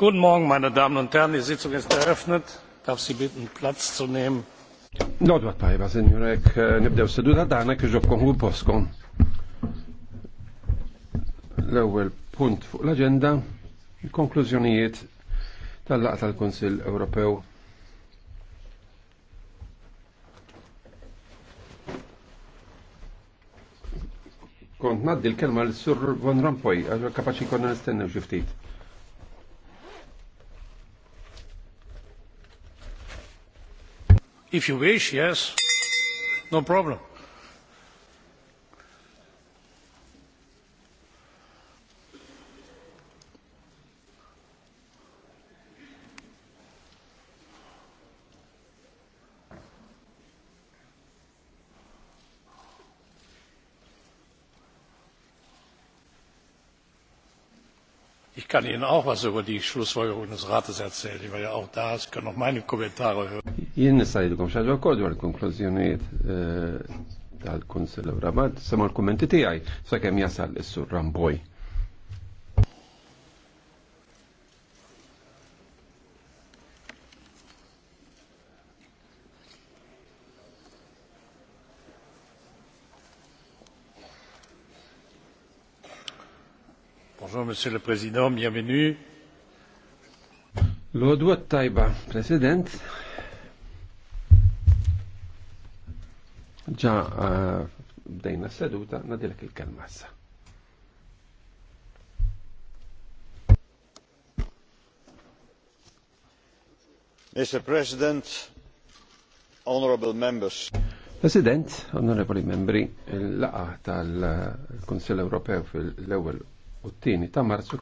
Guten Morgen, meine Damen und Herren. Die Sitzung ist eröffnet. Darf Sie bitten, Platz zu nehmen. Nodwa tajba, senjurek, nibdew seduta dana kħiġobkom u poskom. L-ewel punt fuq l-agenda, konklużjonijiet tal-laqta tal-Konsil Ewropew Kont naddi l-kelma l-sur Von Rampoj, għax kapaxi konna nistennew xiftit. If you wish, yes, no problem. Ich kann Ihnen auch was über die Schlussfolgerung des Rates erzählen. Ich war ja auch da. Sie können auch meine Kommentare hören. Jien nistajdilkom xaġa wkoll dwar il-konklużjonijiet eh, tal-Kunsill Rabat, sema l-kummenti tiegħi sakemm jasal is-Sur Ramboj. Bonjour, Monsieur le Président, bienvenue. Ġa eh, bdejna seduta, nadilek il Mr. President, Honorable Members. President, Honorable Membri, l-laqa tal-Konsil Ewropew fil-ewel u t-tieni ta' marzu